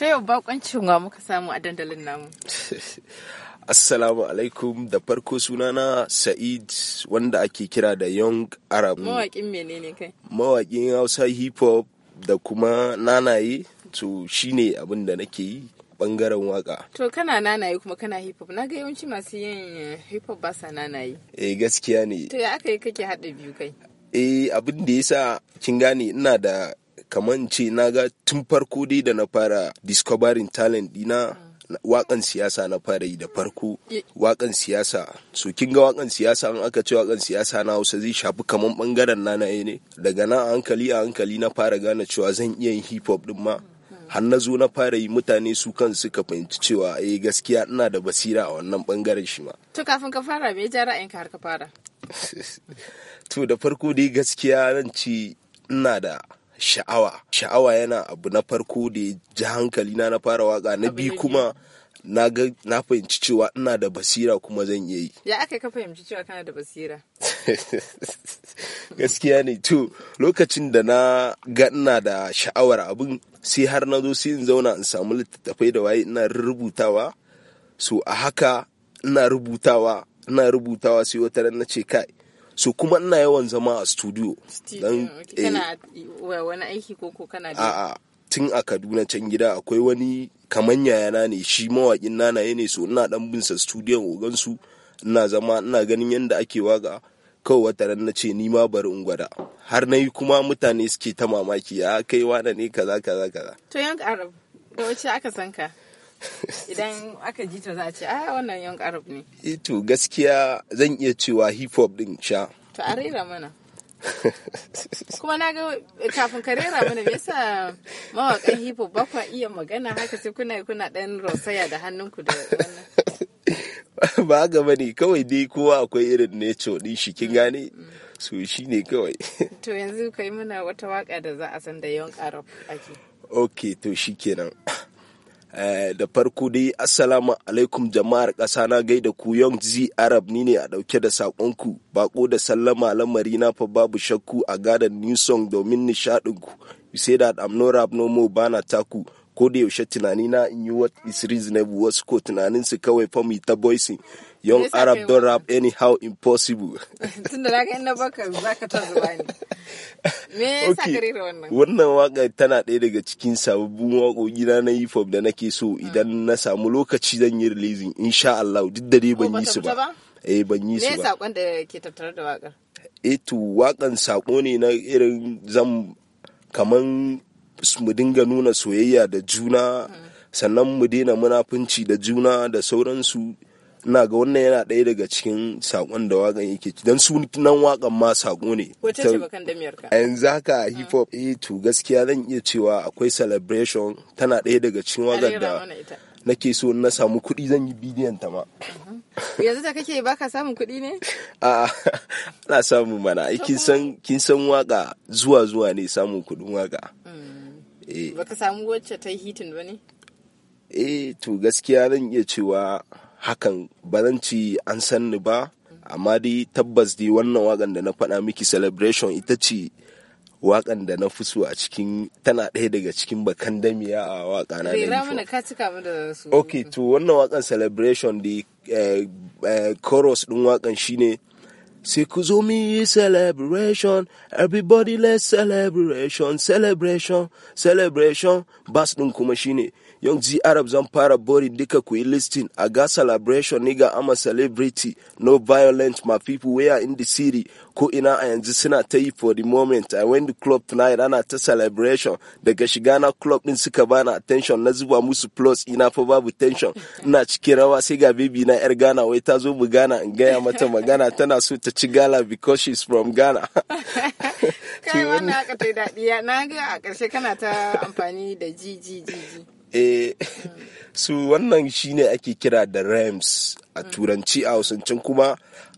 Ta yau bakoncin wa muka samu a dandalin namu. Assalamu alaikum da farko sunana Sa'id wanda ake kira da Young Arab. Mawaƙin menene kai? Mawaƙin Hausa hip hop da kuma nanaye to shine abin da nake yi bangaren waka. To kana nanaye kuma kana hip hop na ga yawanci masu yin eh, hip hop ba sa nanaye. Eh gaskiya ne. To ya aka yi kake haɗa biyu kai? Eh abin da yasa kin gane ina da kamar ce na ga tun farko dai da na fara discovering talent dina mm. wakan siyasa na fara yi da farko wakan siyasa so kin ga wakan siyasa an aka ce wakan siyasa na Hausa zai shafi kaman bangaren na ne daga na hankali a hankali na fara gane cewa zan iya yin hip hop din ma mm-hmm. har na zo na fara yi mutane su kan suka fahimci cewa eh gaskiya ina da basira a wannan bangaren shi ma to kafin ka fara me ja ra'ayinka har ka fara to da farko dai gaskiya nan ce ina da sha'awa sha'awa yana abu na farko da ya ji hankali na na fara waka na biyu kuma na fahimci cewa ina da basira kuma zan iya yi ya aka ka fahimci cewa kana da basira gaskiya ne to lokacin da na ga ina da sha'awar abin sai har na zo sai in zauna in samu littattafai da waye ina rubutawa so a haka ina rubutawa ina rubutawa sai wata ran na ce kai so kuma ina yawan zama a studio dan a eh, tun a Kaduna can gida akwai wani kaman yayana ne shi mawakin nanaye ne so ina dan bin sa studio ogansu ina zama ina ganin yadda ake waga kawai wata ran na ce ni ma bari in gwada har na yi kuma mutane suke ta mamaki ya kai wane ne kaza kaza kaza to yan arab da wace aka san idan aka ji ta za a ce a ah, wannan yan arab ne eh to gaskiya zan iya cewa hip hop din sha to a rera mana kuma na ga kafin ka rera mana me yasa mawakan hip hop ba kwa iya magana haka sai kuna kuna dan rosaya da hannunku da wannan ba haka bane kawai dai kowa akwai irin ne din shi kin gane mm. so shi ne kawai to yanzu kai mana wata waka da za a san da yawan arab ake ok to shikenan Eh, da farko dai assalamu alaikum jama'ar ƙasa na gaida ku yong zi arab ni ne a ɗauke da saƙonku baƙo da sallama lamari na fa babu shakku a gadon new song domin nishaɗinku sai da amno rap bana taku ko da yaushe tunani na in yi what is reasonable wasu ko tunanin su kawai fa mu ta boysin young arab don rap anyhow impossible tunda da ga ina baka zaka ta zuwa ne me yasa ka rera wannan wannan waka tana ɗaya daga cikin sababbin waƙoƙi na na hip hop da nake so ah. idan na samu lokaci zan yi releasing insha Allah duk da dai ban yi su ba eh ban yi su ba me sakon da ke tattare da wakar eh to wakan sako ne na irin zan kaman mu dinga nuna soyayya da juna sannan mu daina munafunci da juna da sauransu na ga wannan yana ɗaya daga cikin saƙon da waƙan yake don su nan wakan ma saƙo ne. A yanzu haka hip hop e to gaskiya zan iya cewa akwai celebration tana ɗaya daga cikin waƙan da nake so na samu kuɗi zan yi bidiyon ta ma. Mm-hmm. Yanzu da kake baka samun kuɗi ne? A ana samu mana kin san waƙa zuwa zuwa ne samun kuɗin waƙa. Mm. Eh. Baka samu wacce ta hitin ba ne? Eh to gaskiya zan iya cewa hakan baranci an san ni ba amma dai tabbas dai wannan wakan da na faɗa miki celebration ita ce wakan da na fi a cikin tana ɗaya daga cikin bakan damiya a waka na da Ok, to wannan wakan celebration da eh, eh, chorus ɗin wakan shine Sikuzumi celebration. Everybody let's celebration, celebration, celebration. Bastun Kumashini. young ji arab zan fara boring duka ku yi listing i got celebration ga i'm a celebrity no violent my people we in the city ko ina a yanzu suna ta yi for the moment i went to club tonight ana ta celebration daga shiga na club din suka bana attention na zuba musu plus ina fa babu tension ina cikin rawa sai ga baby na yar Ghana wai ta zo mu Ghana in gaya mata magana tana so ta ci gala because she's from Ghana kai wannan aka ta daɗi na ga a ƙarshe kana ta amfani da ji ji ji Eh, mm. su wannan shine ake kira da rams a mm. turanci a hausancin kuma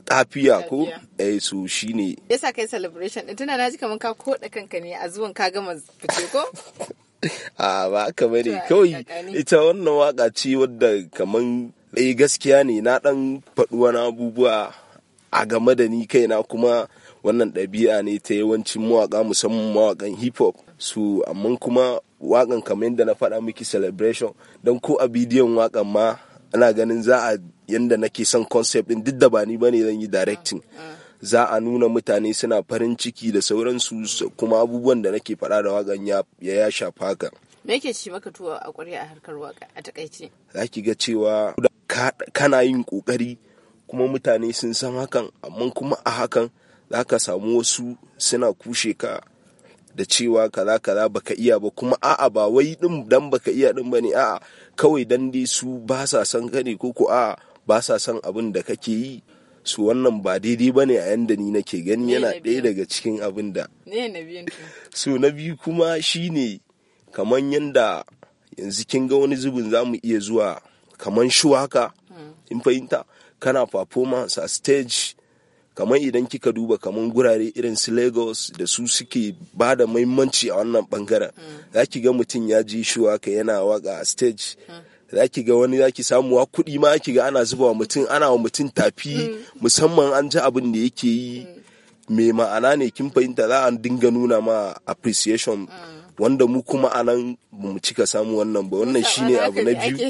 kafiya ko eh su shine yasa kai celebration din tana naji kaman ka koda kanka ne a zuwan ka gama fice ko a ba ka bane kawai ita wannan waka ce wadda kaman eh gaskiya ne na ɗan faɗi wani abubuwa a game da ni kaina kuma wannan ɗabi'a ne ta yawancin mawaka musamman mawakan hip hop su amma kuma wakan kamar yadda na faɗa miki celebration don ko a bidiyon wakan ma ana ganin za a yadda nake son concept din duk da ba ni bane zan yi directing ah, ah. za a nuna mutane suna farin ciki da sauransu kuma abubuwan da nake faɗa da wakan ya ya shafa ka. me yake ci maka tuwa a ƙwarya a harkar waka a takaice za ki ga cewa kana yin ƙoƙari kuma mutane sun san hakan amma kuma a hakan za ka samu wasu suna kushe ka da cewa kaza kaza baka iya ba kuma a'a ba wai din dan baka iya din bane a'a kawai dan dai su ba sa san ka ko ko a'a ba sa san abin da kake yi su wannan ba daidai bane a yanda ni nake gani yana ɗaya daga cikin abin da ne na biyu kuma shine kaman yanda yanzu kin ga wani zubin zamu iya zuwa kaman shu haka hmm. in fahimta kana performance a stage kamar idan kika duba kamar gurare irin su lagos da su suke ba da muhimmanci a wannan bangaren mm. za ki ga mutum ya ji shuwaka waka yana waka a stage mm. za ki ga wani za ki samu wa kuɗi ma ki ga ana zuba wa mutum ana wa mutum tafi mm. musamman an ji abin da yake yi mai ma'ana ne kin fahimta za a dinga nuna ma appreciation wanda mu kuma a nan mu cika samu wannan ba wannan shine abu na biyu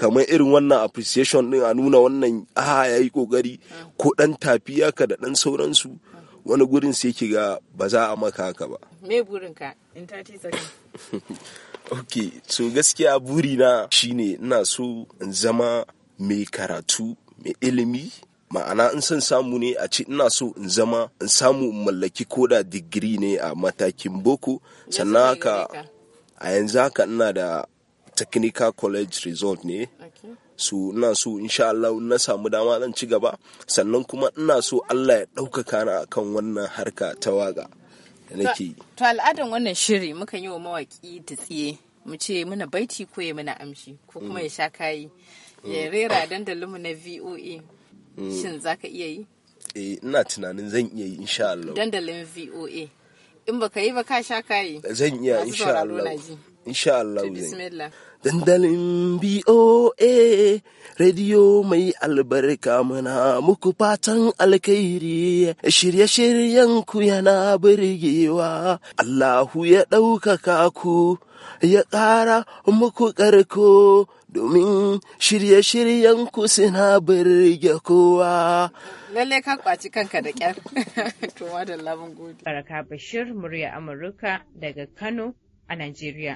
kamar irin wannan appreciation din a nuna wannan a ah, ya yi kokari hmm. ko dan tafi ka da dan sauransu wani gurin sai ki ga ba za a maka haka ba me ka in 30 seconds ok so gaskiya burina shine ina so in zama mai karatu mai ilimi ma'ana in son samu ne a ce ina so in zama in samu in mallaki koda digiri ne a matakin boko sannan haka a yanzu haka ina da technical college result ne su ina so insha Allah na samu dama zan ci gaba sannan kuma ina so Allah ya ɗaukaka na kan wannan harka ta waga da nake to al'adan wannan shiri muka yi wa mawaki ta tsiye mu ce muna baiti ko ya muna amshi ko kuma ya mm. sha kayi ya mm. rera mu na VOA Mm. shin za ka iya yi eh ina tunanin zan iya yi insha Allah dandalin VOA in baka yi ba ka sha kayi zan iya insha Allah insha Allah dandalin BOA radio mai albarka muna muku fatan alkhairi shirye-shiryen ku yana birgewa Allahu ya ɗaukaka ku ya ƙara muku ƙarko domin shirye-shiryen ku suna birge kowa. Lalle ka kwaci kanka da kyar. Tuma da labin Baraka Bashir, murya Amurka daga Kano a Najeriya.